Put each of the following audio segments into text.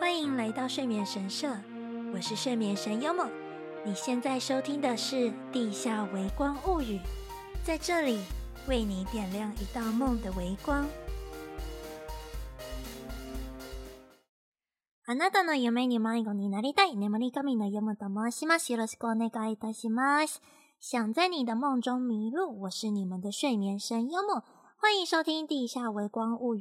歡迎來到睡眠神社，我是睡眠神幽夢。你現在收聽的是《地下微光物語》，在這裡為你點亮一道夢的微光。想在你的夢中迷路，我是你們的睡眠神幽夢，歡迎收聽《地下微光物語》。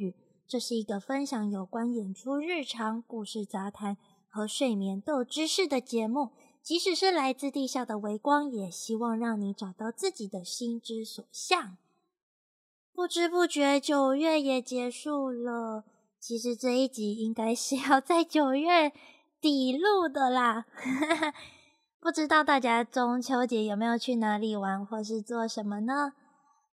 這是一個分享有關演出日常、故事雜談和睡眠等知識的節目。即使是來自地下的微光，也希望讓你找到自己的心之所向。不知不覺，九月也結束了。其實這一集應該是要在九月底錄的啦。 不知道大家中秋節有沒有去哪裡玩或是做什麼呢？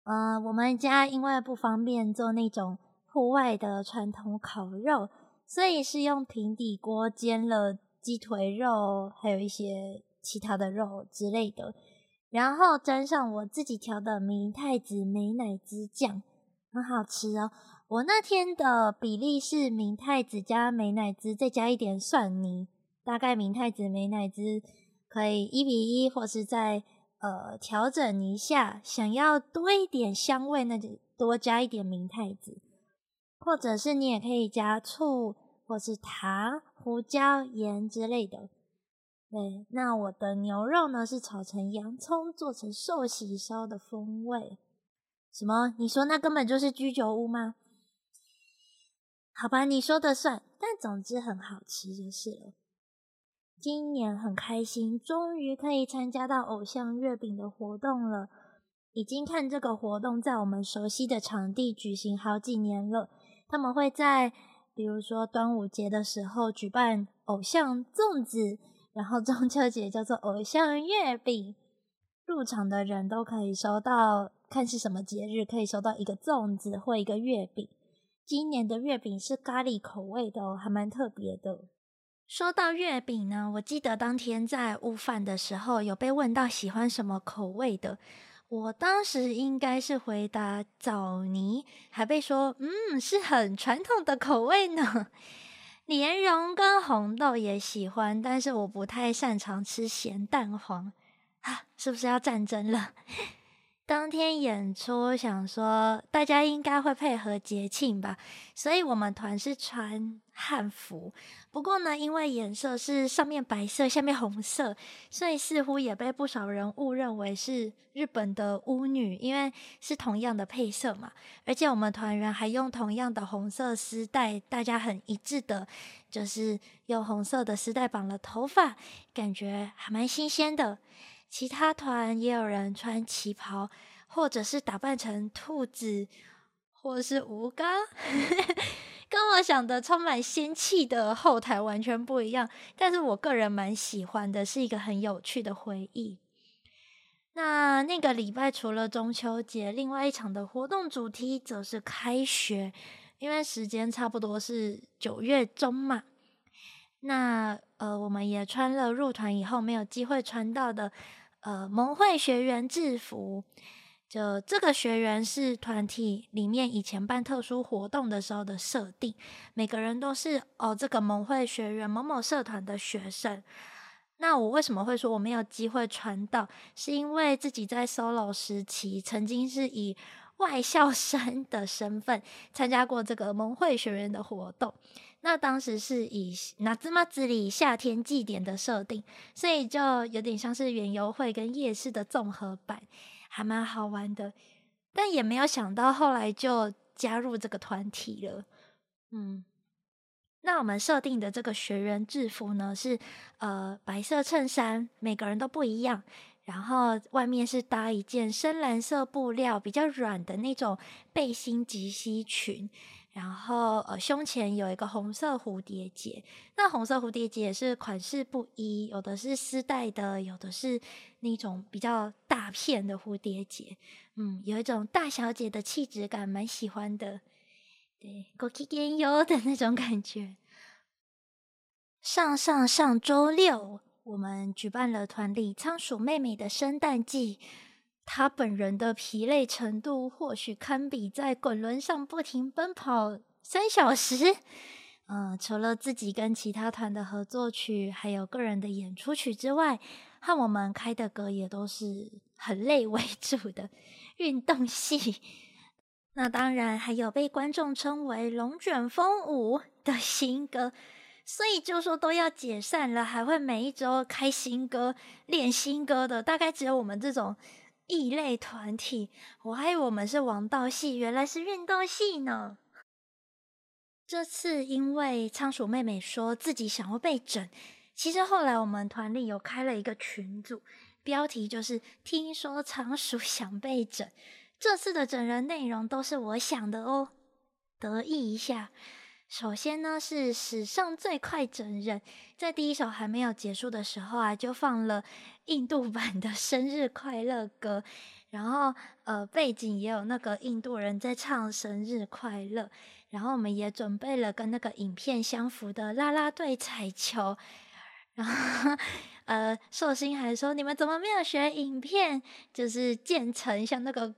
呃，我們家因為不方便做那種。戶外的傳統烤肉，所以是用平底鍋煎了雞腿肉，還有一些其他的肉之類的，然後沾上我自己調的明太子美乃滋醬，很好吃哦。我那天的比例是明太子加美乃滋，再加一點蒜泥，大概明太子美乃滋可以一比一，或是再呃調整一下，想要多一點香味，那就多加一點明太子。或者是你也可以加醋，或是糖、胡椒、鹽之類的。對，那我的牛肉呢是炒成洋蔥，做成壽喜燒的風味。什麼？你說那根本就是居酒屋嗎？好吧，你說的算。但總之很好吃就是了。今年很開心，終於可以參加到偶像月餅的活動了。已經看這個活動在我們熟悉的場地舉行好幾年了。他們會在，比如說端午節的時候舉辦偶像粽子，然後中秋節叫做偶像月餅。入場的人都可以收到，看是什麼節日可以收到一個粽子或一個月餅。今年的月餅是咖喱口味的哦，還蠻特別的。說到月餅呢，我記得當天在午飯的時候有被問到喜歡什麼口味的。我當時應該是回答棗泥，還被說，嗯，是很傳統的口味呢。蓮蓉跟紅豆也喜歡，但是我不太擅長吃鹹蛋黃啊，是不是要戰爭了？當天演出，想說大家應該會配合節慶吧，所以我們團是穿漢服。不過呢，因為顏色是上面白色、下面紅色，所以似乎也被不少人誤認為是日本的巫女，因為是同樣的配色嘛。而且我們團員還用同樣的紅色絲帶，大家很一致的，就是用紅色的絲帶綁了頭髮，感覺還蠻新鮮的。其他團也有人穿旗袍，或者是打扮成兔子，或是吳剛， 跟我想的充滿仙氣的後台完全不一樣。但是我個人蠻喜歡的，是一個很有趣的回憶。那那個禮拜除了中秋節，另外一場的活動主題則是開學，因為時間差不多是九月中嘛。那呃，我們也穿了入團以後沒有機會穿到的。呃，盟會學員制服，就這個學員是團體裡面以前辦特殊活動的時候的設定，每個人都是哦，這個盟會學員某某社團的學生。那我為什麼會說我沒有機會穿到？是因為自己在 solo 時期曾經是以外校生的身份參加過這個盟會學員的活動。那當時是以夏祭り夏天祭典的設定，所以就有點像是園遊會跟夜市的綜合版，還蠻好玩的。但也沒有想到後來就加入這個團體了。嗯，那我們設定的這個學員制服呢，是呃白色襯衫，每個人都不一樣，然後外面是搭一件深藍色布料比較軟的那種背心及膝裙。然後，呃，胸前有一個紅色蝴蝶結，那紅色蝴蝶結也是款式不一，有的是絲帶的，有的是那種比較大片的蝴蝶結，嗯，有一種大小姐的氣質感，蠻喜歡的，對，高級感有的那種感覺。上上上週六，我們舉辦了團裡倉鼠妹妹的生誕祭。他本人的疲累程度或許堪比在滾輪上不停奔跑三小時。嗯，除了自己跟其他團的合作曲，還有個人的演出曲之外，和我們開的歌也都是很累為主的運動系。那當然還有被觀眾稱為“龍捲風舞”的新歌，所以就說都要解散了，還會每一周開新歌練新歌的，大概只有我們這種異類團體，我還以為我們是王道系，原來是運動系呢。這次因為倉鼠妹妹說自己想要被整，其實後來我們團裡有開了一個群組，標題就是“聽說倉鼠想被整”。這次的整人內容都是我想的哦，得意一下。首先呢，是史上最快整人，在第一首還沒有結束的時候啊，就放了印度版的生日快樂歌，然後呃，背景也有那個印度人在唱生日快樂，然後我們也準備了跟那個影片相符的啦啦隊彩球，然後呃，壽星還說你們怎麼沒有學影片，就是建成像那個。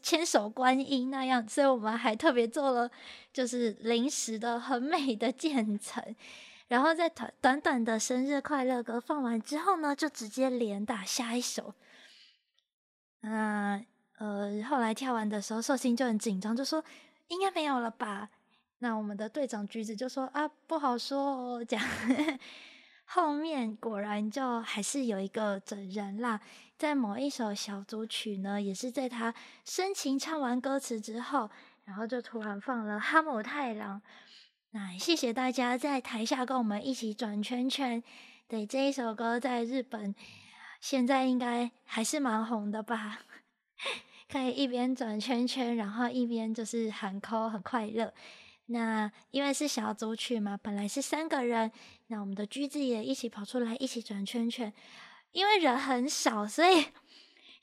千手觀音那樣，所以我們還特別做了就是臨時的很美的漸層。然後在短短的生日快樂歌放完之後呢，就直接連打下一首。那呃、呃，後來跳完的時候，壽星就很緊張，就說應該沒有了吧？那我們的隊長橘子就說啊，不好說哦，這樣。 後面果然就還是有一個整人啦，在某一首小組曲呢，也是在他深情唱完歌詞之後，然後就突然放了《哈姆太郎》。那謝謝大家在台下跟我們一起轉圈圈。對，這一首歌在日本現在應該還是蠻紅的吧？ 可以一邊轉圈圈，然後一邊就是喊 call 很快樂。那因為是小組曲嘛，本來是三個人，那我們的橘子也一起跑出來，一起轉圈圈。因為人很少，所以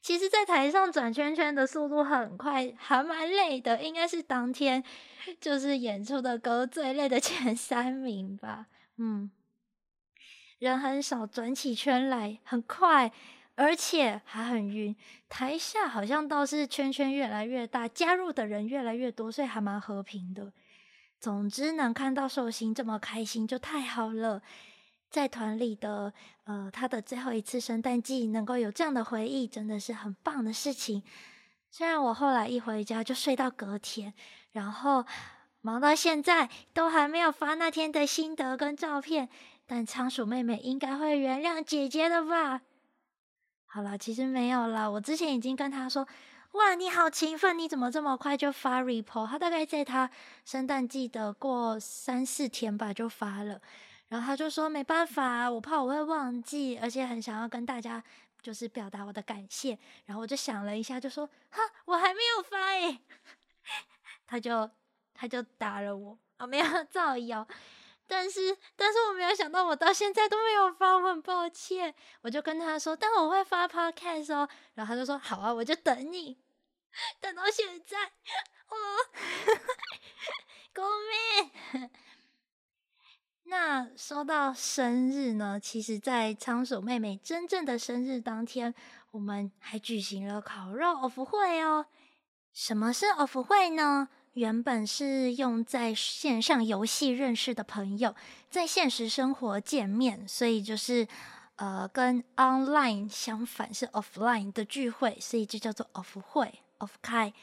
其實，在台上轉圈圈的速度很快，還蠻累的。應該是當天就是演出的歌最累的前三名吧。嗯，人很少，轉起圈來很快，而且還很暈。台下好像倒是圈圈越來越大，加入的人越來越多，所以還蠻和平的。總之能看到壽星這麼開心就太好了，在團裡的呃他的最後一次生誕祭能夠有這樣的回憶真的是很棒的事情。雖然我後來一回家就睡到隔天，然後忙到現在都還沒有發那天的心得跟照片，但倉鼠妹妹應該會原諒姐姐的吧？好了，其實沒有了，我之前已經跟她說。哇，你好勤奮！你怎麼這麼快就發 report？他大概在他生誕祭的過三四天吧就發了，然後他就說沒辦法、啊，我怕我會忘記，而且很想要跟大家就是表達我的感謝。然後我就想了一下，就說哈，我還沒有發哎、欸。 他就他就打了我啊，沒有造謠。但是，但是我沒有想到，我到現在都沒有發文，很抱歉。我就跟他說，但我會發 podcast 哦。然後他就說，好啊，我就等你，等到現在，哦， ごめん。那說到生日呢，其實，在倉鼠妹妹真正的生日當天，我們還舉行了烤肉 off 會哦。什麼是 off 會呢？原本是用在線上遊戲認識的朋友，在現實生活見面，所以就是呃跟 online 相反，是 offline 的聚會，所以就叫做 off 會 off 開。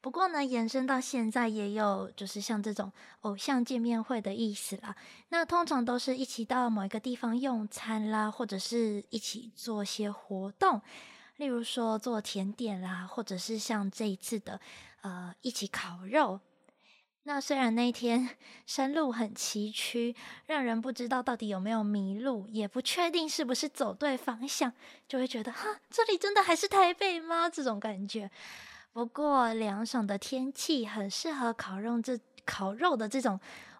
不過呢，延伸到現在也有就是像這種偶像見面會的意思啦。那通常都是一起到某一個地方用餐啦，或者是一起做些活動，例如說做甜點啦，或者是像這一次的。呃，一起烤肉。那雖然那天山路很崎嶇，讓人不知道到底有沒有迷路，也不確定是不是走對方向，就會覺得哈，這裡真的還是台北嗎？這種感覺。不過涼爽的天氣很適合烤肉這，這烤肉的這種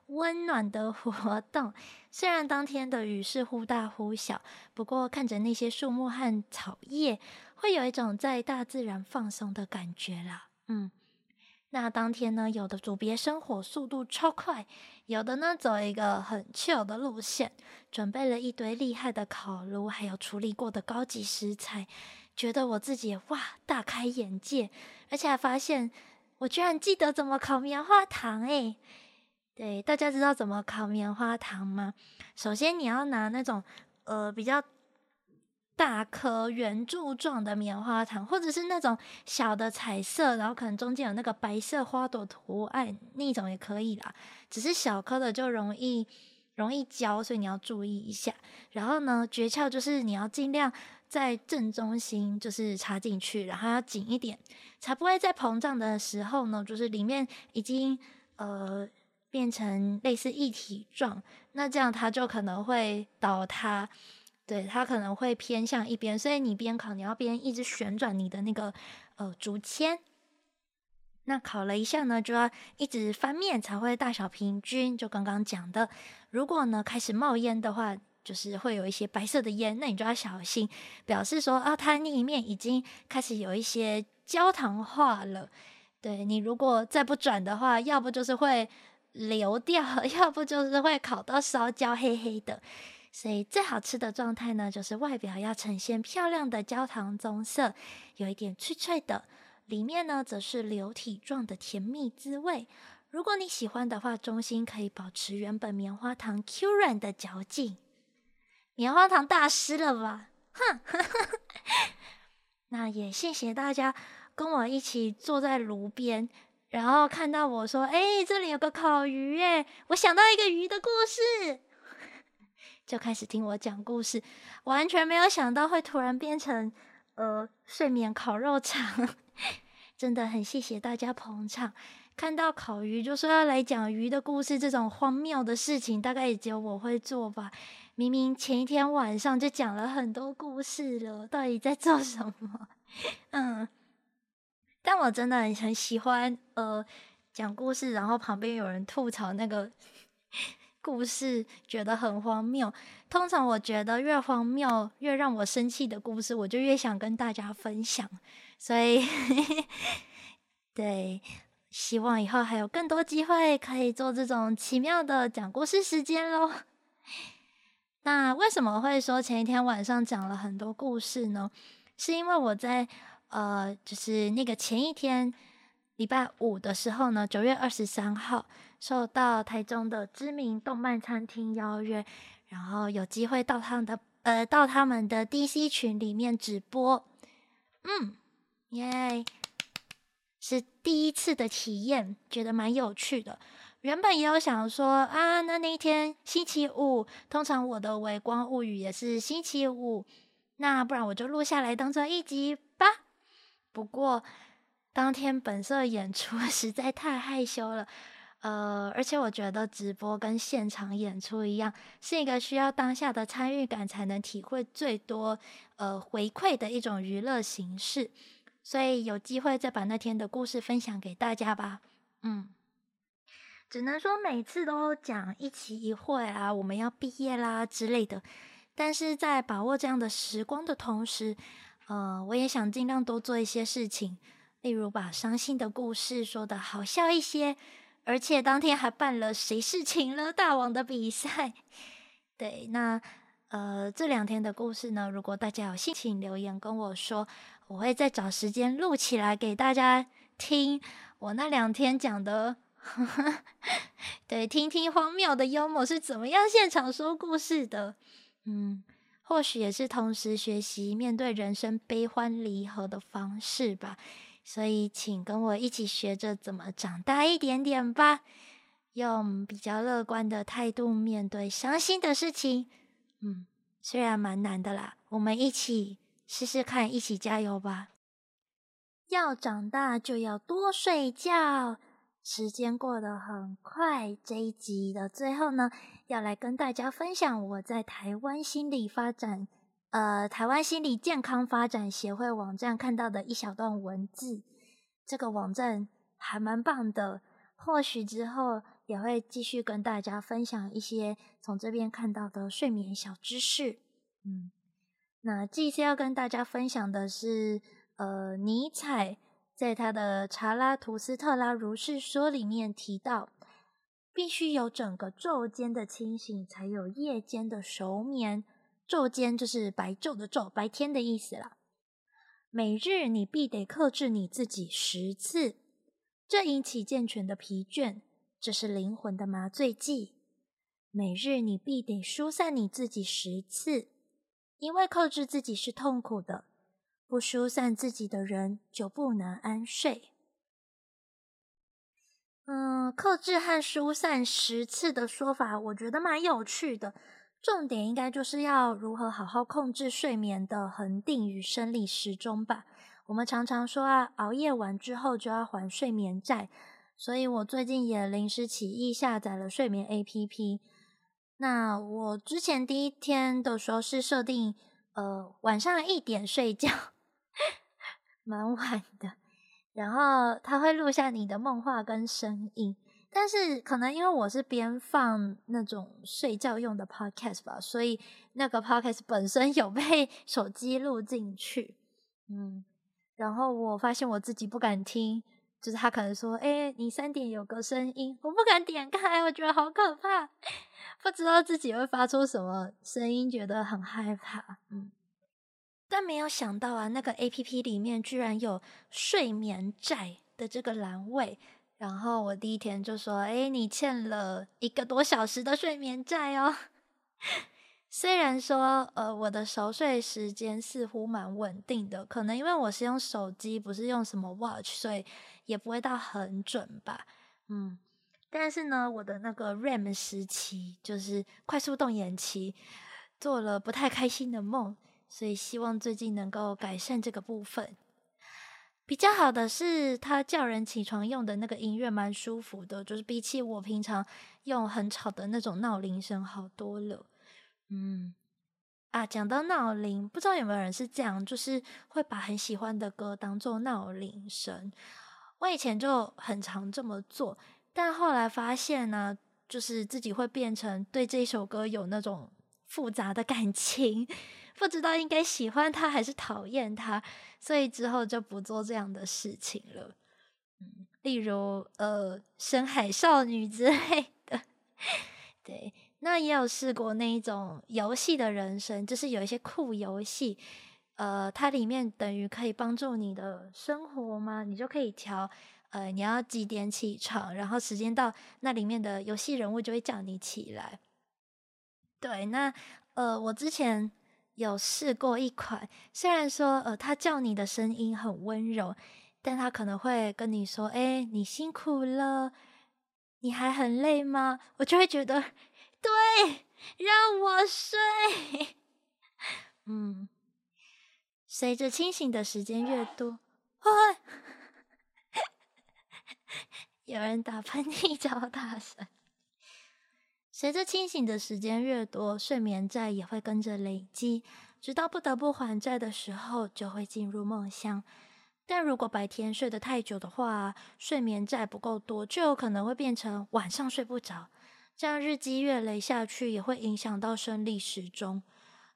溫暖的活動。雖然當天的雨是忽大忽小，不過看着那些樹木和草葉，會有一種在大自然放鬆的感覺啦。嗯。那當天呢，有的組別生火速度超快，有的呢走一個很 chill 的路線，準備了一堆厲害的烤爐，還有處理過的高級食材，覺得我自己哇，大開眼界，而且還發現我居然記得怎麼烤棉花糖誒、欸，對，大家知道怎麼烤棉花糖嗎？首先你要拿那種呃比較。大顆圓柱狀的棉花糖，或者是那種小的彩色，然後可能中間有那個白色花朵圖案，那種也可以啦。只是小顆的就容易容易焦，所以你要注意一下。然後呢，訣竅就是你要盡量在正中心就是插進去，然後要緊一點，才不會在膨脹的時候呢，就是裡面已經呃變成類似液體狀，那這樣它就可能會倒塌。對，它可能會偏向一邊，所以你邊烤你要邊一直旋轉你的那個呃竹籤。那烤了一下呢，就要一直翻面才會大小平均。就剛剛講的，如果呢開始冒煙的話，就是會有一些白色的煙，那你就要小心，表示說啊，它那一面已經開始有一些焦糖化了。對，你如果再不轉的話，要不就是會流掉，要不就是會烤到燒焦黑黑的。所以最好吃的狀態呢，就是外表要呈現漂亮的焦糖棕色，有一點脆脆的，裡面呢則是流體狀的甜蜜滋味。如果你喜歡的話，中心可以保持原本棉花糖 Q 軟的嚼勁。棉花糖大師了吧？哼， 那也謝謝大家跟我一起坐在爐邊，然後看到我說：“哎、欸，這裡有個烤魚、欸，誒我想到一個魚的故事。”就開始聽我講故事，完全沒有想到會突然變成呃睡眠烤肉場 真的很謝謝大家捧場。看到烤魚就說要來講魚的故事，這種荒謬的事情大概也只有我會做吧。明明前一天晚上就講了很多故事了，到底在做什麼？嗯，但我真的很很喜歡呃講故事，然後旁邊有人吐槽那個。故事覺得很荒謬，通常我覺得越荒謬越讓我生氣的故事，我就越想跟大家分享。所以， 對，希望以後還有更多機會可以做這種奇妙的講故事時間嘍。那為什麼會說前一天晚上講了很多故事呢？是因為我在呃，就是那個前一天，禮拜五的時候呢，九月二十三號，受到台中的知名動漫餐廳邀約，然後有機會到他們的呃，到他們的 DC 群裡面直播，嗯，耶、yeah，是第一次的體驗，覺得蠻有趣的。原本也有想說啊，那那一天星期五，通常我的微光物語也是星期五，那不然我就錄下來當做一集吧。不過。當天本色演出實在太害羞了，呃，而且我覺得直播跟現場演出一樣，是一個需要當下的參與感才能體會最多，呃，回饋的一種娛樂形式。所以有機會再把那天的故事分享給大家吧。嗯，只能說每次都講一期一會啊，我們要畢業啦之類的。但是在把握這樣的時光的同時，呃，我也想盡量多做一些事情。例如把傷心的故事說的好笑一些，而且當天還辦了誰是情勒大王的比賽。對，那呃這兩天的故事呢，如果大家有興趣留言跟我說，我會再找時間錄起來給大家聽。我那兩天講的呵呵，對，聽聽荒謬的幽默是怎麼樣現場說故事的。嗯，或許也是同時學習面對人生悲歡離合的方式吧。所以，請跟我一起學着怎麼長大一點點吧，用比較樂觀的態度面對傷心的事情。嗯，雖然蠻難的啦，我們一起試試看，一起加油吧。要長大就要多睡覺。時間過得很快，這一集的最後呢，要來跟大家分享我在台灣心理發展，呃，台灣心理健康發展協會網站看到的一小段文字，這個網站還蠻棒的，或許之後也會繼續跟大家分享一些從這邊看到的睡眠小知識。嗯，那這一次要跟大家分享的是，呃，尼采在他的《查拉圖斯特拉如是說》裡面提到，必須有整個晝間的清醒，才有夜間的熟眠。晝間就是白晝的晝，白天的意思啦。每日你必得克制你自己十次，這引起健全的疲倦，這是靈魂的麻醉劑。每日你必得舒散你自己十次，因為克制自己是痛苦的，不舒散自己的人就不能安睡。嗯，克制和舒散十次的說法，我覺得蠻有趣的。重點應該就是要如何好好控制睡眠的恆定與生理時鐘吧。我們常常說啊，熬夜完之後就要還睡眠債，所以我最近也臨時起意下載了睡眠 APP。那我之前第一天的時候是設定，呃，晚上一點睡覺， 蠻晚的，然後它會錄下你的夢話跟聲音。但是可能因為我是邊放那種睡覺用的 podcast 吧，所以那個 podcast 本身有被手機錄進去，嗯，然後我發現我自己不敢聽，就是他可能說，哎、欸，你三點有個聲音，我不敢點開，我覺得好可怕，不知道自己會發出什麼聲音，覺得很害怕，嗯，但沒有想到啊，那個 APP 裡面居然有睡眠債的這個欄位。然後我第一天就說：“哎，你欠了一個多小時的睡眠債哦。”雖然說，呃，我的熟睡時間似乎蠻穩定的，可能因為我是用手機，不是用什麼 watch，所以也不會到很準吧。嗯，但是呢，我的那個 REM 時期，就是快速動眼期，做了不太開心的夢，所以希望最近能夠改善這個部分。比較好的是，他叫人起床用的那個音樂蠻舒服的，就是比起我平常用很吵的那種鬧鈴聲好多了。嗯，啊，講到鬧鈴，不知道有沒有人是這樣，就是會把很喜歡的歌當做鬧鈴聲。我以前就很常這麼做，但後來發現呢，啊，就是自己會變成對這首歌有那種複雜的感情。不知道應該喜歡他還是討厭他，所以之後就不做這樣的事情了。嗯，例如呃，深海少女之類的，對，那也有試過那一種遊戲的人生，就是有一些酷遊戲，呃，它裡面等於可以幫助你的生活嗎？你就可以調，呃，你要幾點起床，然後時間到，那裡面的遊戲人物就會叫你起來。對，那呃，我之前。有試過一款，雖然說呃，他叫你的聲音很溫柔，但他可能會跟你說：“哎，你辛苦了，你還很累嗎？”我就會覺得，對，讓我睡。嗯，隨着清醒的時間越多，哇， 有人打噴嚏，叫大神。隨着清醒的時間越多，睡眠債也會跟着累積，直到不得不還債的時候，就會進入夢鄉。但如果白天睡得太久的話，睡眠債不夠多，就有可能會變成晚上睡不着。這樣日積月累下去，也會影響到生理時鐘，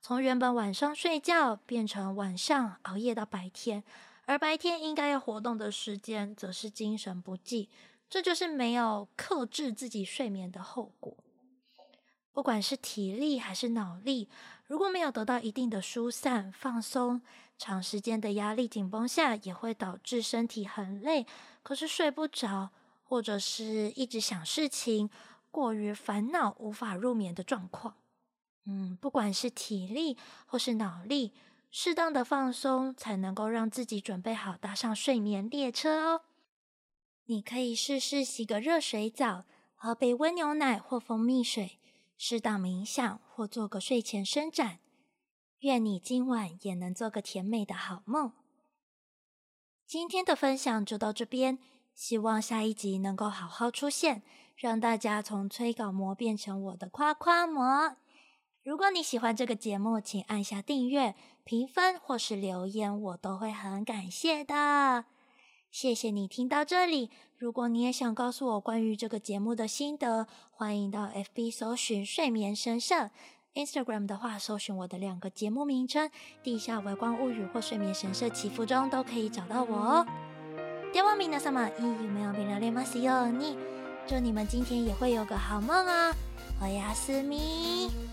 從原本晚上睡覺變成晚上熬夜到白天，而白天應該要活動的時間，則是精神不濟。這就是沒有克制自己睡眠的後果。不管是體力還是腦力，如果沒有得到一定的疏散放鬆，長時間的壓力緊繃下也會導致身體很累，可是睡不着，或者是一直想事情，過於煩惱無法入眠的狀況。嗯，不管是體力或是腦力，適當的放鬆才能夠讓自己準備好搭上睡眠列車哦。你可以試試洗個熱水澡，喝杯溫牛奶或蜂蜜水。適當冥想或做個睡前伸展，願你今晚也能做個甜美的好夢。今天的分享就到這邊，希望下一集能夠好好出現，讓大家從催稿魔變成我的誇誇魔。如果你喜歡這個節目，請按下訂閱、評分或是留言，我都會很感謝的。謝謝你聽到這裡。如果你也想告訴我關於這個節目的心得，歡迎到 FB 搜尋“睡眠神社 ”，Instagram 的話搜尋我的兩個節目名稱“地下微光物語”或“睡眠神社祈福鐘”都可以找到我哦。では、みなさま、いい夢を見られますように。祝你們今天也會有個好夢啊、哦！おやすみ。